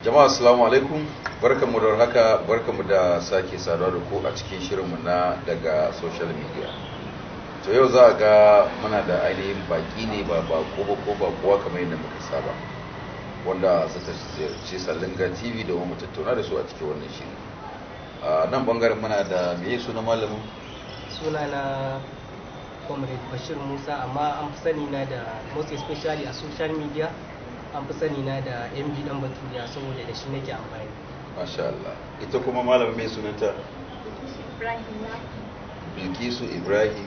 jama'a assalamu alaikum barkanmu da haka barkanmu da sake saduwa da ku a cikin shirinmu na daga social media to yau za a ga muna da ainihin baki ne ba ba ko ba ko ba kowa kamar yadda muka saba wanda suka ce salinga tv da mu tattauna da su a cikin wannan shiri a nan bangaren muna da meye na malamin suna na comrade bashir musa amma an fi sani na da most especially a social media an fi sani na da mb dan baturiya saboda da shi nake amfani masha Allah ita kuma malam mai sunanta bilkisu ibrahim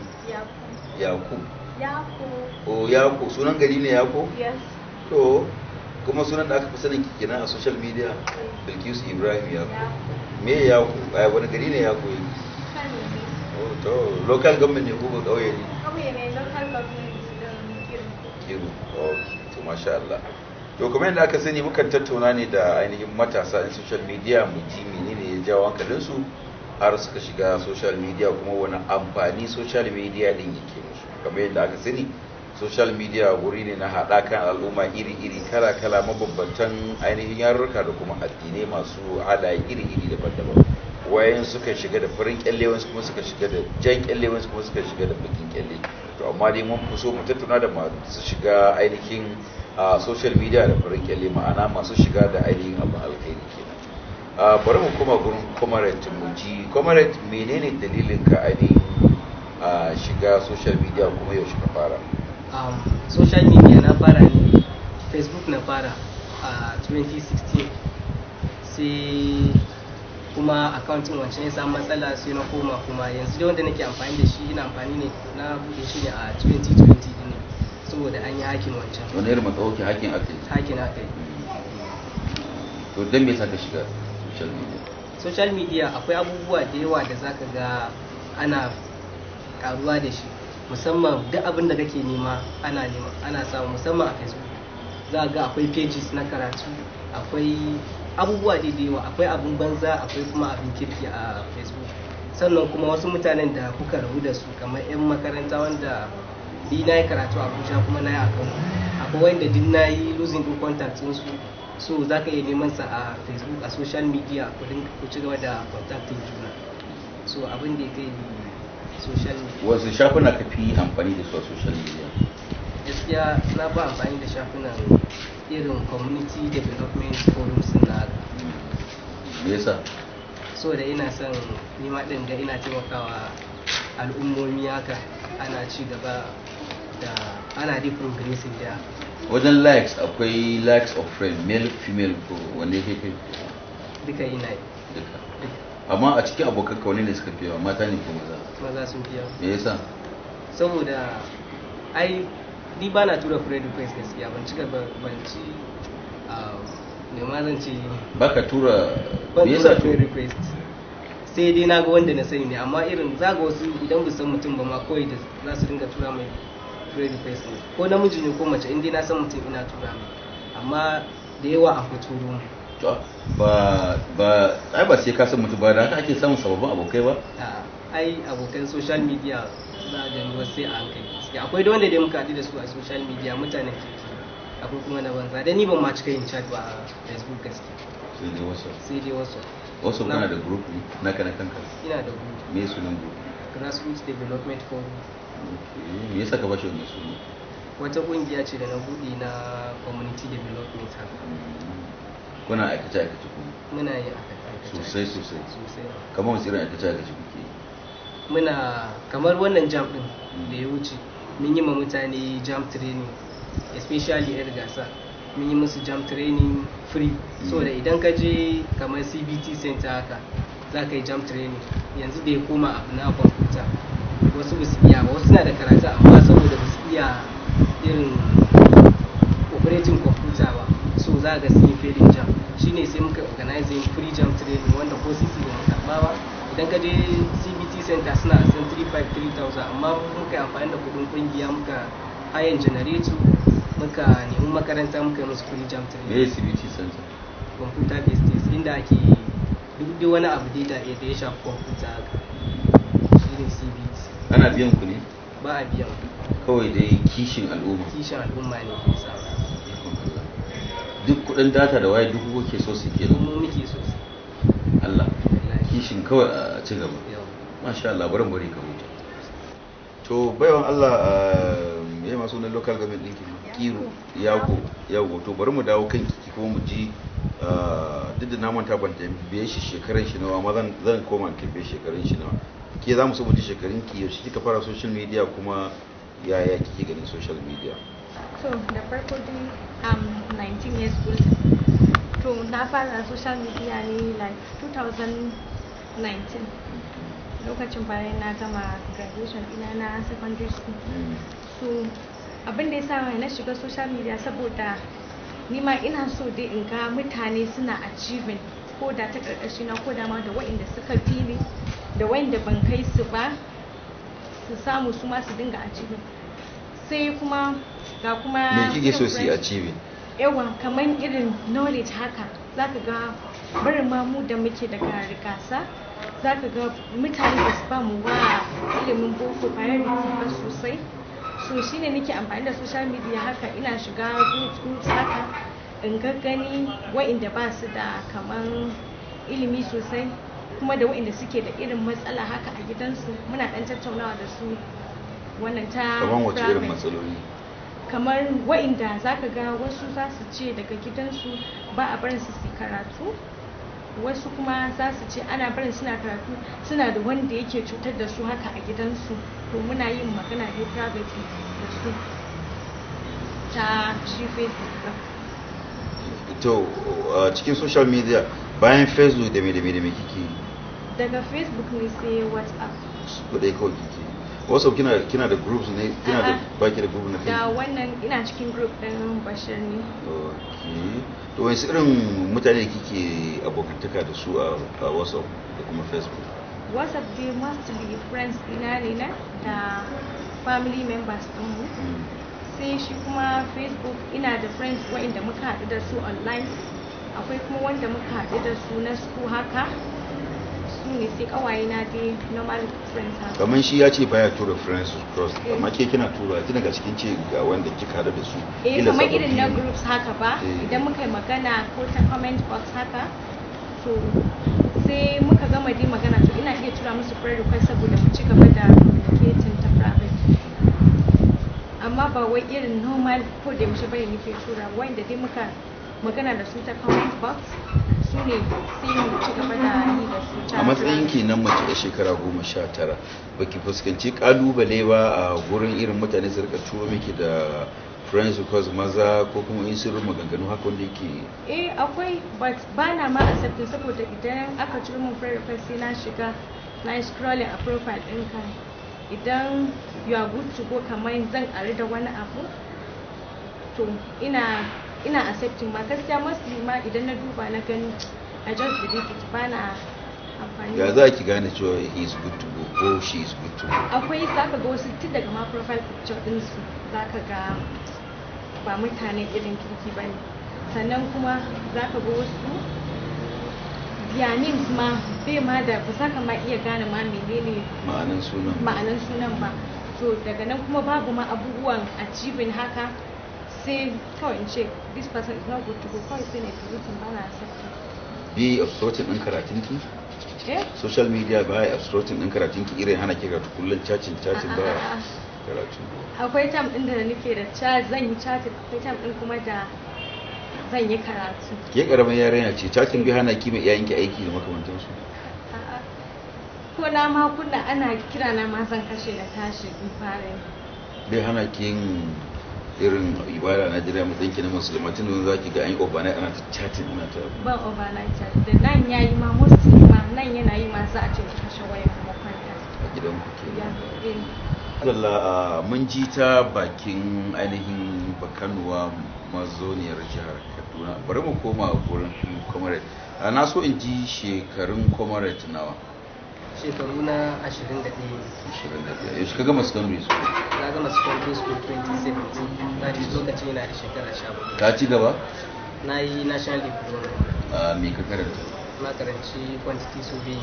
yaku yaku o yaku sunan gari ne yaku yes to kuma sunan da aka fi sani kenan a social media bilkisu ibrahim yaku me yaku ai wani gari ne yaku yi to local government ne kuma kauye ne kauye ne local government din kiru kiru okay to masha Allah to kuma yadda aka sani mukan tattauna ne da ainihin matasa in social media mu ji menene ya jawo hankalinsu har suka shiga social media kuma wani amfani social media din yake musu kamar yadda aka sani social media wuri ne na haɗa kan al'umma iri-iri kala-kala mabambantan ainihin yarurruka da kuma addinai masu hada iri-iri daban-daban wayan suka shiga da farin kyalle wasu kuma suka shiga da jan kyalle wasu kuma suka shiga da bakin kyalle to amma dai mun fi so mu tattauna da masu shiga ainihin a social media da farin kyalle ma'ana masu shiga da ainihin abin alkhairi kenan a bari mu kuma gurin comrade mu comrade menene dalilin ka ainihin a shiga social media kuma yaushe ka fara um, social media na fara ne facebook na fara a 2016 sai kuma akauntin wancan ya samu matsala sai na koma kuma yanzu da wanda nake amfani da shi ina amfani ne na buɗe shi ne a 2020 ne saboda an yi hakin wancan wani irin matsauki hakin akai hakin akai to don me saka shiga social media social media akwai abubuwa da yawa da zaka ga ana karuwa da shi musamman duk abin da kake nema ana nema ana samu musamman a facebook za ga akwai pages na karatu akwai abubuwa da yawa akwai abin banza akwai kuma abin kirki a facebook sannan kuma wasu mutanen da kuka rabu da su kamar 'yan makaranta wanda ni na yi karatu a abuja kuma na yi a kano akwai wanda din na yi losing in contact su so za ka iya neman sa a facebook a social media ku ci gaba da contacting juna so abin da ya kai social media wasu shafuna ka fi amfani da su a social media gaskiya na ba amfani da shafunan irin community development forums na me yasa so da ina son nima din da ina taimakawa al'ummomi haka ana ci gaba da ana di grazing da wajen likes akwai likes of friend male female ko wanne ke kai duka ina yi duka amma a cikin abokan kawai ne suka fiye wa mata ne ko maza maza sun fiye yawa me yasa saboda ai ni ba na tura friend request gaskiya ban cika ban ci ne ah, ma zan ce ka tura ban tura friend request sai dai na ga wanda na sani ne amma irin zaga wasu idan bu san mutum ba ma kawai da za su dinga tura mai grade face ne ko namiji ne ko mace indai na san mutum ina tura mai amma da yawa akwai turo to ba ba ai ba sai ka san mutum ba da haka ake samun sababbin abokai ba ai abokan social media za a gani wasu sai a hankali gaskiya akwai da wanda dai muka haɗu da su a social media mutanen kirki akwai kuma na banza da ni ban ma cika yin chat ba a facebook gaskiya sai dai wasu sai dai wasu wasu kana da group ne naka na kanka ina da group me sunan group grassroots development forum me yasa ka bashi wannan suna wata kungiya ce da na buɗe na community development haka mm-hmm. kuna aikace aikace ku muna yi aikace sosai sosai sosai kamar wasu irin aikace aikace kuke muna kamar wannan jam din mm-hmm. da ya wuce mun yi ma mutane jam training especially yar gasa mun yi musu jam training free mm-hmm. so da idan ka je kamar cbt center haka za ka yi jam training yanzu da ya koma abu na computer wasu ba su iya ba wasu na da karatu amma saboda ba su iya irin operating computer ba so za ga sun yi failing jam ne sai muka organizing free jam training wanda ko sisi ba mu karba ba idan ka je cbt center suna san 353,000 amma muka yi amfani da kudin kungiya muka hayan generator muka nemi makaranta muka yi musu free jam training me cbt center computer business inda ake duk wani abu da ya shafi computer haka ne cbt ana biyan ku ne ba a biyan kawai dai kishin al'umma kishin al'umma ne ke sa duk kudin data da waye duk kuke so su ke mu muke so Allah kishin kawai a ci gaba masha Allah bari bari ka huta to baiwan Allah yayi eh, masu na local government din kiru yago yago to bari mu dawo kan ki ko mu ji eh, duk da na manta ban Biye shi shekaran shi nawa ma zan koma biye shekaran shi nawa ke za mu saboda shekarun ki yaushe kika fara social media kuma yaya kike ganin social media so da farko dai am um, 19 years old to na fara social media ne like 2019 lokacin bayan na gama graduation ina na secondary school mm. so abin da ya sa na shiga social media saboda nima ina so dai in ga mutane suna achieving ko da ta karkashi na ko da ma da waɗanda suka fi ne da wanda ban kai su ba su samu su ma su dinga achieve sai kuma ga kuma me kike so su achieve yawa kamar irin knowledge haka zaka ga barin ma mu da muke daga rigasa zaka ga mutane da su ba mu wa ilimin boko bayan ba sosai so shine nake amfani da social media haka ina shiga groups groups haka in gaggani wa'inda ba su da kaman ilimi sosai kuma da waɗanda suke da irin matsala haka a gidansu muna ɗan tattaunawa da su wannan ta kamar wa'inda za ka ga wasu za su ce daga gidansu ba a barin su su karatu wasu kuma za su ce ana barin suna karatu suna da wanda yake cutar da su haka a gidansu to muna yin magana ne private da su ta shi facebook to cikin social media bayan facebook da mai da mai da mai kike daga facebook ne sai whatsapp su dai kawai kike whatsapp kina kina da groups ne kina da baki da group na da wannan ina cikin group din bashir ne okay to wani irin mutane kike abokantaka da su a whatsapp da kuma facebook whatsapp must be friends ina ne na da family members din mu hmm. sai shi kuma facebook ina da friends wa'inda muka haɗu da su online akwai kuma wanda muka haɗu da su na su haka kuma ne sai na dai normal friends haka kamar shi ya ce baya tura friends cross eh. amma ke kina tura kina ga cikin ce ga wanda kika hada da su eh kamar irin na groups haka ba eh. idan muka yi magana ko ta comment box haka to sai muka gama dai magana to ina iya tura musu prayer request saboda mu ci gaba da communicating ta private amma ba wai irin normal ko da yaushe bane nake tura wanda dai muka magana da su ta comment box a matsayin kenan mace da shekara goma sha tara baki fuskanci kalubale ba a gurin irin mutane su rika tuwo miki da friends because maza ko kuma in sirri maganganu haka wanda yake eh akwai but ba na ma accepting saboda idan aka ciro mun friend request na shiga na scrolling a profile ɗinka idan you are good to kamar zan are da wani abu to ina ina accepting ma gaskiya mostly ma idan na duba na gani i just believe it ba na amfani ya za ki gane cewa he is good to go ko she is good to go akwai za ka ga wasu tun daga ma profile picture din su za ka ga ba mutane irin kirki ba ne sannan kuma za ka ga wasu biyanin ma bai ma da ba za ma iya gane ma menene ma'anan sunan ba to daga nan kuma babu ma abubuwan achieving haka sai kawai in ce this person is not good to go kawai sai ba na bi obstructing din karatun ki social media ba ya obstructing din karatun ki irin hana ki ah, ah, ah, karatu cacin cacin ba karatun akwai da nake da zan yi cacin akwai tam din kuma da zan yi karatu ke karamin yarinya ce cacin bi hana ki mai iyayen ki aiki da makamantansu ko na ma kunna ana kira na ma zan kashe da tashi in fara bai hana ki yin irin ibada na jira matsayin ki na musulma tun da zaki ga an yi overnight ana ta chatting ana ta ba overnight chat da nan ya yi ma musulma nan yana yi ma za a ce ki kashe waya kuma kwanta a gidan ku ke eh. Allah mun ji ta bakin ainihin bakanuwa mazoniyar jihar Kaduna bari mu koma a gurin comrade na so in ji shekarun comrade nawa shekaru na 21 yaushe ka gama secondary school na gama secondary school 2017 na ji lokacin yana da shekara 17 ka ci gaba na yi national diploma a me ka karanta na karanci quantity survey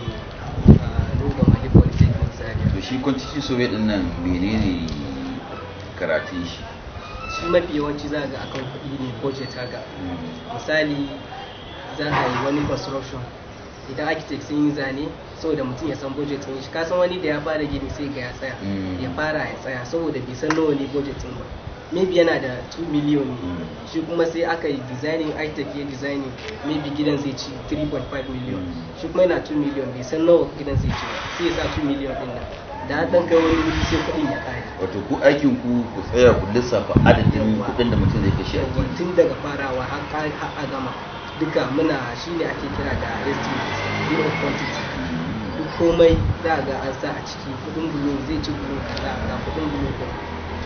a ruba mali polytechnic zaria to shi quantity survey din nan menene karatun shi shi mafi yawanci za ga akan kuɗi ne budget haka mm. misali za a yi wani construction idan architect sun yi zane saboda mutum ya san budget ɗin shi kasan wani da ya fara gini sai ga ya tsaya mm. ya fara ya tsaya saboda bai san nawa ne budget ɗin ba maybe yana da 2 million ne mm. shi kuma sai aka yi designing architect ya designing maybe gidan zai ci 3.5 million mm. shi kuma yana 2 million bai san nawa gidan zai ci sai ya sa 2 million ɗin nan da haɗin kai wani wuri sai kuɗin ya kare wato ku aikin ku ku tsaya ku lissafa adadin kuɗin da mutum zai kashe tun daga farawa har a gama duka muna shi ne ake kira da estimate zero quantity duk komai za ga an sa a ciki kudin bulo zai ci bulo kaza ga kudin bulo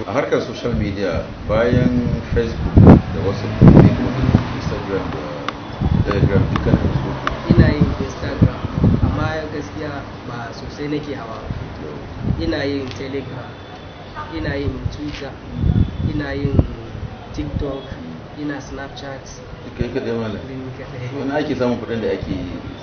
a harkar social media bayan facebook da wasu instagram da telegram na su ina yin instagram amma gaskiya ba sosai nake hawa ina yin telegram ina yin twitter ina yin tiktok ina snapchat kai kaɗai malam wani ake samun kuɗin da ake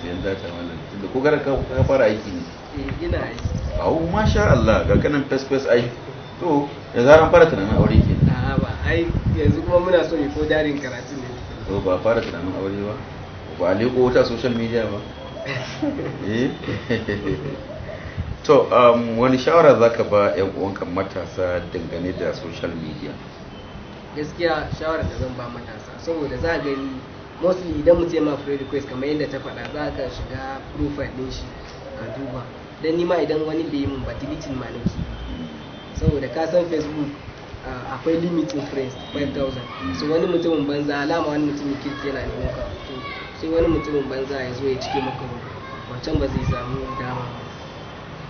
sayan data malam tunda ko gara ka fara aiki ne eh, ina aiki awu masha Allah ga kanan fes fes ai to da zaran fara tunanin aure ke a'a ba ai yanzu kuma muna so mu ko darin karatu ne to ba fara tunanin aure ba ba a leko wata social media ba eh. to um, wani shawara za ka ba 'yan uwanka matasa dangane da social media gaskiya shawara da zan ba matasa saboda za a gani mostly idan mu ce ma free request kamar yadda ta faɗa za ka shiga profile ɗin shi ka duba dan ma idan wani bai yi mun ba deleting ma nake saboda ka san facebook ah, akwai limiting friends 5000 so wani mutumin banza alama wani mutumin kirki yana neman ka sai wani mutumin banza ya zo ya cike maka wancan ba zai samu dama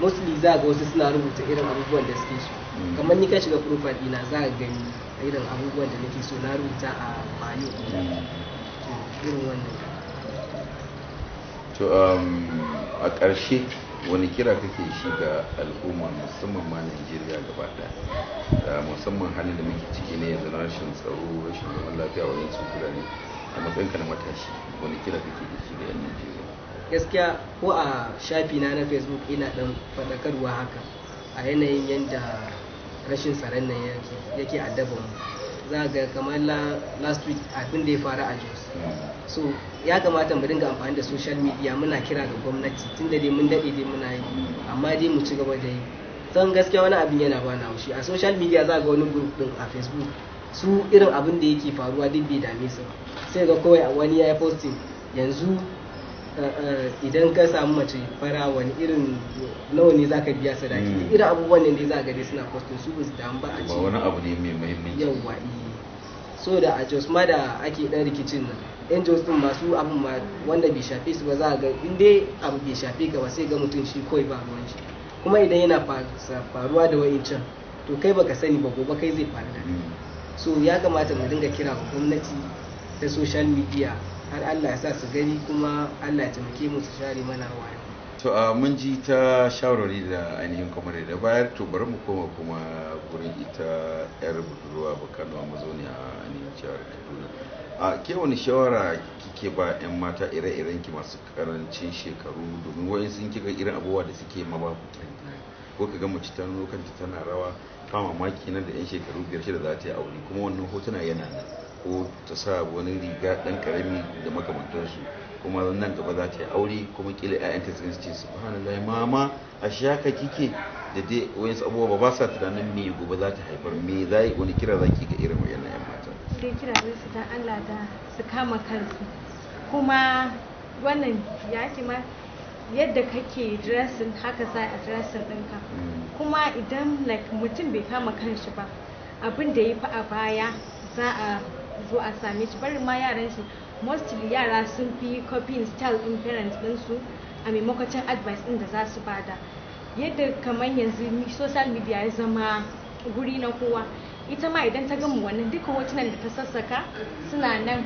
mostly za ga wasu suna rubuta irin abubuwan da suke so mm. kamar ni ka shiga profile dina za a gani irin abubuwan da nake so na rubuta a mayo mm. irin wannan to um, a ƙarshe wani kira kake shi ga al'umma musamman ma Najeriya gaba ɗaya musamman halin da muke ciki ne yanzu rashin tsaro rashin zaman lafiya wani tsukura ne a matsayinka na matashi wani kira kake da shi ga 'yan Najeriya gaskiya ko a shafi na na facebook ina dan faɗakarwa haka a yanayin yadda rashin tsaron nan yake daba mu za ga kamar last week abin da ya faru a jos so ya kamata mu dinga amfani da social media muna kira ga gwamnati tunda dai mun daɗe dai muna yi amma dai mu ci gaba da yi san gaskiya wani abin yana bana haushi a social media za ga wani group din a facebook su irin abin da yake faruwa duk bai dame su sai ga kawai wani ya yi posting yanzu Eh, idan ka samu mace fara wani irin nawa ne zaka biya sadaki da hmm. irin abubuwan ne za ga dai suna kwastin su ba su damu ba a ce wani abu ne mai muhimmanci yawa eh. so da a jos ma da ake dan rikicin nan yan jos din masu abin ma wanda bai shafe su ba za a ga in dai abu bai shafe ka ba sai ga mutum shi kawai ba ruwan shi kuma idan yana faruwa da wa'incan to kai baka sani ba gobe kai zai faru da hmm. so ya kamata mu dinga kira gwamnati ta social media har Allah ya sa su gani kuma Allah ya taimake mu su share mana wani to a mun ji ta shawarwari da ainihin kamar da bayar to bari mu koma kuma gurin ita yar budurwa bakano a mazauni a ainihin jihar kaduna a ke wani shawara kike ba 'yan mata ire-iren ki masu karancin shekaru domin wa'in sun kika irin abubuwa da suke ma ba ku ko ka ga mace ta kanta tana rawa ba mamaki nan da 'yan shekaru biyar shida za ta yi aure kuma wannan hotuna yana nan ko ta sa wani riga dan karami da makamantansu kuma nan gaba za ta yi aure kuma kila ta su ce subhanallah mama a shaka kike da dai wani abubuwa ba sa tunanin me gobe za ta haifar me za wani kira za ki ga irin wayannan 'yan mata dai kira zai su kama kansu kuma wannan ya ke ma yadda kake dressin haka za a dressin ɗinka mm. kuma idan like mutum bai kama kanshi ba abin da ya fi a baya za a zo a same shi barin ma yaran shi mostly yara sun fi copying style in parents ɗinsu a maimakon advice ɗin da za su bada yadda kamar yanzu social media ya zama guri na kowa ita ma idan ta gama wannan duka hotunan da ta sassaka suna nan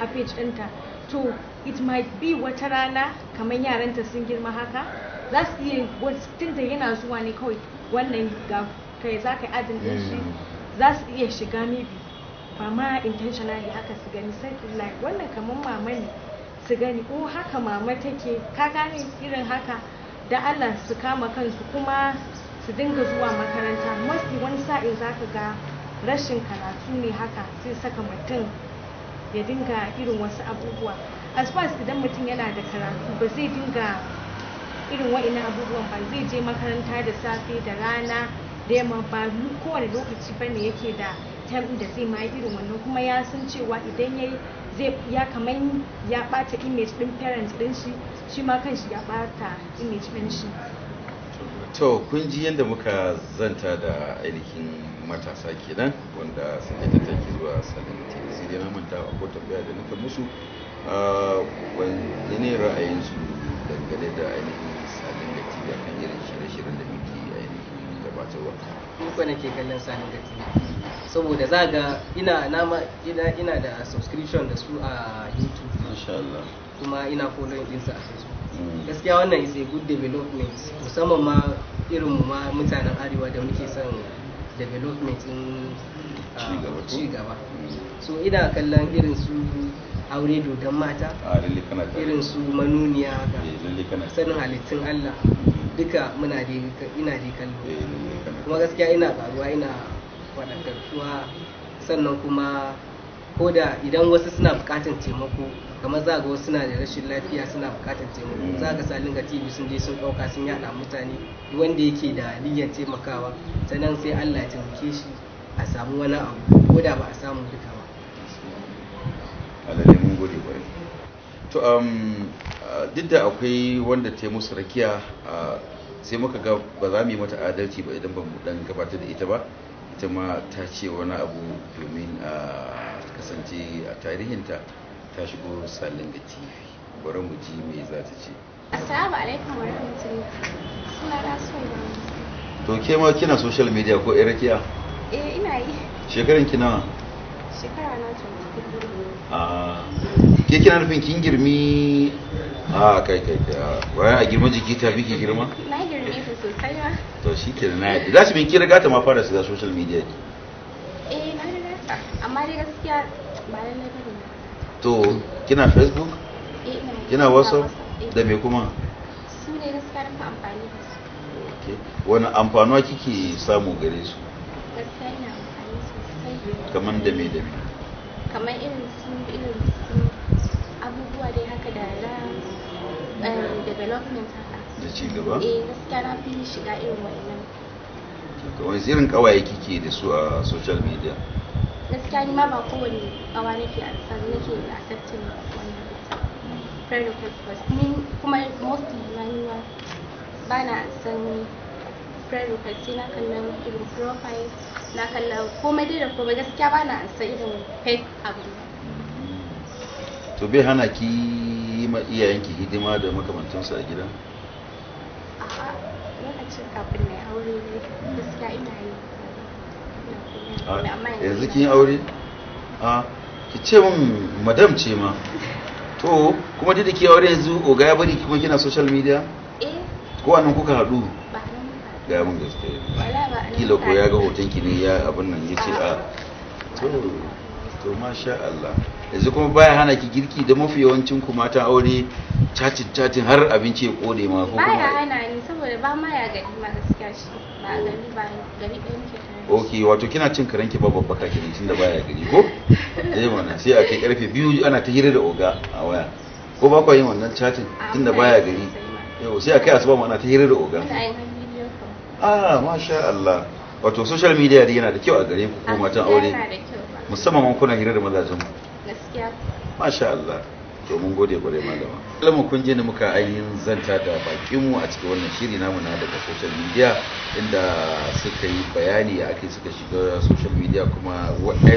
a page ɗinta to it might be wata rana kamar yaranta sun girma haka za su iya tunda yana zuwa ne kawai wannan ga kai za ka yi adin da shi za su iya shiga maybe ba ma intentionally haka su gani sai like wannan kamar mama ne su gani ko oh, haka mama take ka gane irin haka da Allah su kama kansu kuma su dinga zuwa makaranta mafi wani sa'in za ka ga rashin karatu ne haka sai saka mutum ya dinga irin wasu abubuwa as far as idan mutum yana da karatu ba zai dinga irin wa'ina abubuwan ba zai je makaranta da safe da rana da yamma ba kowane lokaci ba ne yake da time da zai ma irin wannan kuma ya san cewa idan ya zai ya kamar ya bata image din parents din shi shi ma kanshi ya bata image din shi to kun ji yadda muka zanta da ainihin matasa kenan wanda sanata take zuwa salon tv sai na manta a ko tambaya da nika musu wani ne ra'ayinsu dangane da ainihin salon da tv akan irin shirye-shiryen da muke ainihin gabatarwa ni ko nake kallon salon da tv saboda za ga ina nama ina ina da subscription da su a youtube insha Allah kuma ina following din su a facebook mm. gaskiya wannan is a good development musamman ma irin mu ma mutanen arewa da muke son development in ah, cigaba mm. so ina kallon irin su aure dogon mata ah, irin su manuniya ga eh, sanin halittun allah mm. duka muna ina da kallo eh, kuma gaskiya ina karuwa ina wadatarsuwa sannan kuma ko da idan wasu suna buƙatar taimako kamar za ga wasu suna da rashin lafiya suna buƙatar taimako za ga salin ga tv sun je sun ɗauka sun yada mutane wanda yake da niyyar taimakawa sannan sai allah ya taimake shi a samu wani abu ko da ba a samu duka ba alalai mun gode kwarai to um, duk da akwai wanda ta musu rakiya sai muka ga ba za mu yi mata adalci ba idan ba mu dan gabatar da ita ba ita ma ta ce wani abu domin a kasance a tarihinta ta shigo salin da tv bari mu ji me za ta ce assalamu alaikum wa suna to ke ma kina social media ko irakiya eh ina yi shekaran kina? shekara na a ah, ke kina nufin kin girmi a ah, kai kai kai wai a girma jiki ta fi ki girma na girme sosai ma to shi ke na yadda za su bin kira gata ma fara su da social media ne amma dai gaskiya to kina facebook eh, kina whatsapp eh. da me kuma wani amfanuwa kike samu gare su kamar da me da me kamar irin su irin su abubuwa dai haka da na eh, development haka da ci eh gaskiya na fi shiga irin wa'annan kawai irin kawaye kike da su a social media gaskiya ni ma ba kowane kawa nake ansar nake tattalin wannan friend request ba ni kuma mostly na ni ma ba na san friend request sai na kallon irin profile na kallon komai dai da komai gaskiya ba na san irin fake abu to bai hana ki ma iyayenki hidima da makamantansu a gida? a lokacin kafin na aure gaskiya ina yi Ah, yanzu kin aure a ah, ki ce min madam ce ma to kuma da ke aure yanzu oga ya bari kuma kina social media eh. ko anan kuka haɗu ga mun gaske kila ko ya ga hoton ki ne ya abin nan ya ce a ah. to to masha Allah yanzu kuma baya hana ki girki da mafi yawancin ku mata aure chatin chatin har abinci ya kode ma ko kuma baya hana ni saboda ba ma ya gani ma gaskiya shi ba gani ba gari ɗin ke ok wato kina cin karen ki babban baka kenan tunda baya gari ko eh wannan sai a kai karfe biyu ana ta hira da oga a waya ko ba ku yin wannan chatin tunda baya gari yau sai a kai asuba ana ta hira da oga ah masha Allah wato social media dai yana da kyau a gare ku ko ah, matan aure musamman kuna hira da mazajen gaskiya masha Allah to mun gode kwarai malama kalmar kun je ne muka ainihin zanta da bakinmu a cikin wannan shiri namu na daga social media inda suka yi bayani a ake suka shiga social media kuma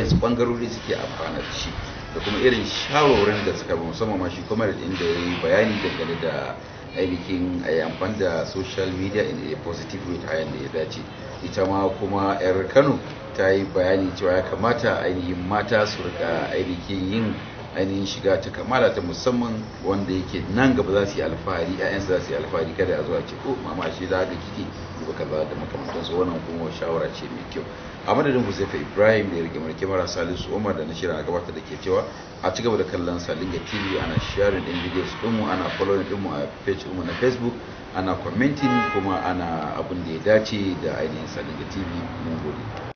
su ɓangarori suke amfana da shi da kuma irin shawarwarin da suka ba musamman ma shi kuma inda ya yi bayani dangane da ainihin a yi amfani da social media in a positive way ta da ya dace ita ma kuma yar kano ta yi bayani cewa ya kamata ainihin mata su rika ainihin yin ainihin shiga ta kamala ta musamman wanda yake nan gaba za su yi alfahari ayyansu za su yi alfahari kada a zuwa a ce ko oh, mama shi za ga kike duba kaza da makamantansu wannan kuma shawara ce mai kyau a madadin husaifa Ibrahim da ya rike marke mara Salisu Umar da na shirin a gabata da ke cewa a ci gaba da kallon Salinga TV ana sharing din videos dinmu ana following dinmu a page dinmu na Facebook ana commenting kuma ana abun da ya dace da ainihin Salinga TV mun gode